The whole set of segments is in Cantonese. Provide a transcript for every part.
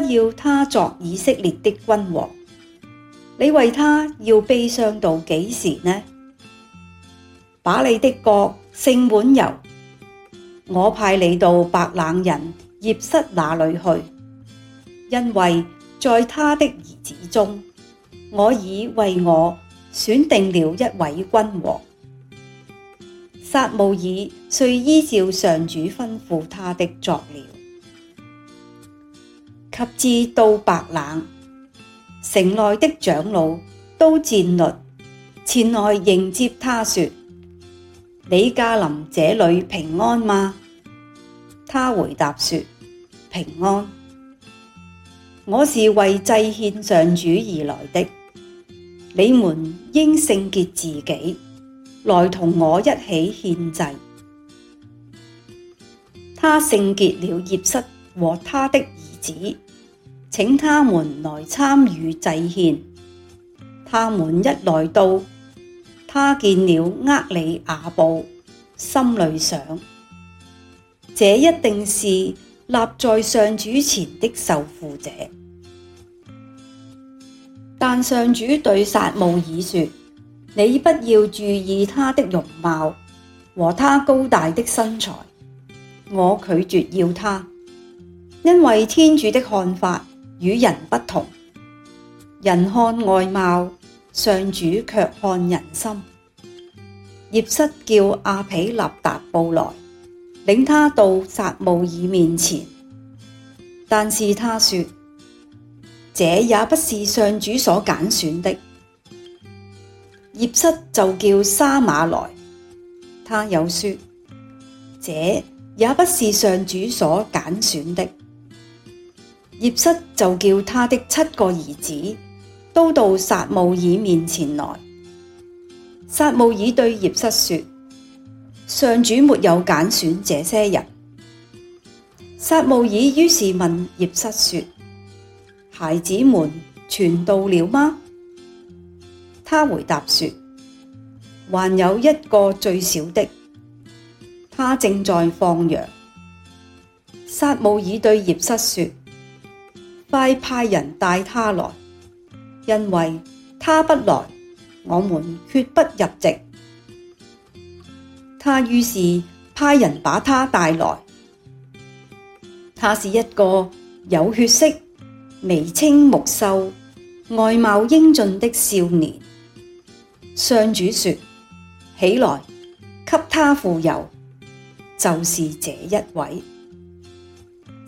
不要他作以色列的君王，你為他要悲傷到幾時呢？把你的角盛滿油，我派你到白冷人葉瑟那裡去，因為在他的兒子中，我已為我選定了一位君王。撒慕爾遂依照上主吩咐他的作了。及至到白冷，城內的長老都戰慄，前來迎接他，說：你駕臨這裏平安嗎？他回答說：平安。我是為祭獻上主而來的，你們應聖潔自己，來同我一起獻祭。他聖潔了葉瑟和他的兒子。請他們來參與祭獻。他們一來到，他見了厄里亞布，心裡想：這一定是立在上主前的受傅者。但上主對撒慕爾說：你不要注意他的容貌和他高大的身材，我拒絕要他，因為天主的看法。與人不同，人看外貌，上主卻看人心。葉瑟叫阿彼納達布來，領他到撒慕爾面前，但是他說：「這也不是上主所揀選的。」葉瑟就叫沙馬來，他又說：「這也不是上主所揀選的。」葉瑟就叫他的七個兒子都到撒慕爾面前來。撒慕爾對葉瑟說：上主沒有揀選這些人。撒慕爾於是問葉瑟說：孩子們全到了嗎？他回答說：還有一個最小的，他正在放羊。撒慕爾對葉瑟說。快派人帶他來，因為他不來，我們決不入席。他於是派人把他帶來。他是一個有血色、眉清目秀、外貌英俊的少年。上主說：起來，給他傅油，就是這一位。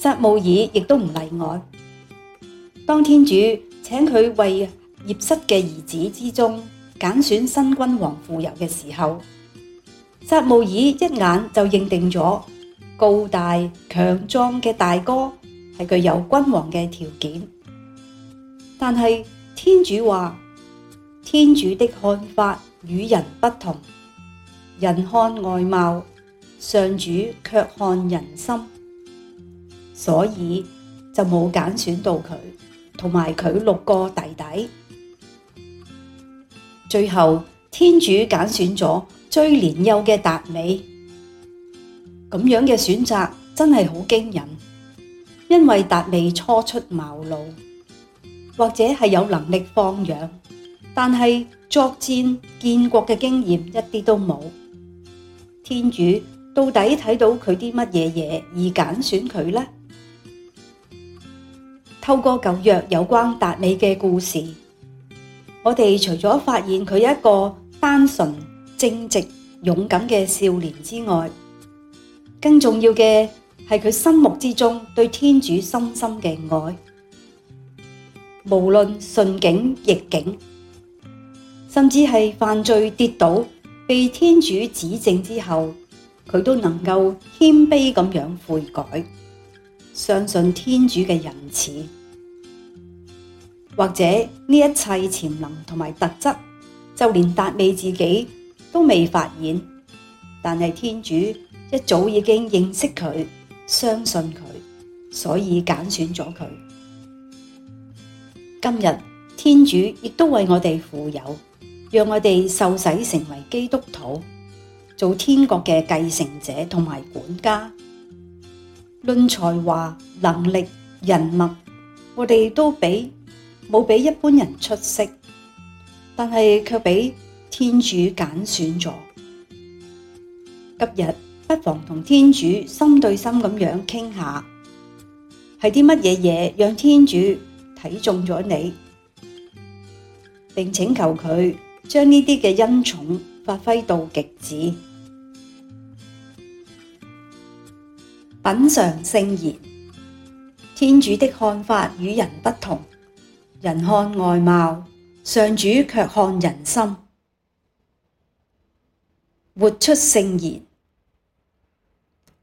撒慕爾亦都唔例外。當天主請佢為葉瑟嘅兒子之中揀選新君王傅油嘅時候，撒慕爾一眼就認定咗高大強壯嘅大哥係具有君王嘅條件。但係天主話：天主的看法與人不同，人看外貌，上主卻看人心。所以就冇揀選到佢，同埋佢六個弟弟。最後天主揀選咗最年幼嘅達味，咁樣嘅選擇真係好驚人。因為達味初出茅廬，或者係有能力放羊，但係作戰建國嘅經驗一啲都冇。天主到底睇到佢啲乜嘢嘢而揀選佢呢？透過舊約有關達味嘅故事，我哋除咗發現佢一個單純、正直、勇敢嘅少年之外，更重要嘅係佢心目之中對天主深深嘅愛。無論順境逆境，甚至係犯罪跌倒被天主指正之後，佢都能夠謙卑咁樣悔改，相信天主嘅仁慈。或者呢一切潛能同埋特質，就連達味自己都未發現，但係天主一早已經認識佢，相信佢，所以揀選咗佢。今日天主亦都為我哋傅油，讓我哋受洗成為基督徒，做天國嘅繼承者同埋管家。論才華、能力、人脈，我哋都比。冇比一般人出色，但係卻俾天主揀選咗。今日不妨同天主心對心咁樣傾下，係啲乜嘢嘢讓天主睇中咗你，并請求佢將呢啲嘅恩寵發揮到極致。品嘗聖言。天主的看法與人不同。人看外貌，上主卻看人心。活出聖言，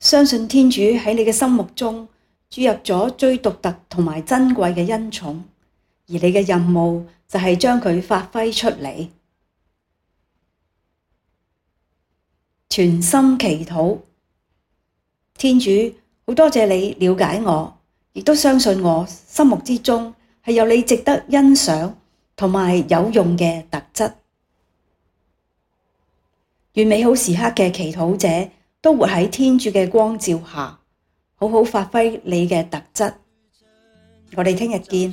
相信天主喺你嘅心目中注入咗最獨特同埋珍貴嘅恩寵，而你嘅任務就係將佢發揮出嚟。全心祈禱，天主，好多謝你了解我，亦都相信我心目之中，係有你值得欣賞同埋有用嘅特質，願美好時刻嘅祈禱者都活喺天主嘅光照下，好好發揮你嘅特質。我哋聽日見。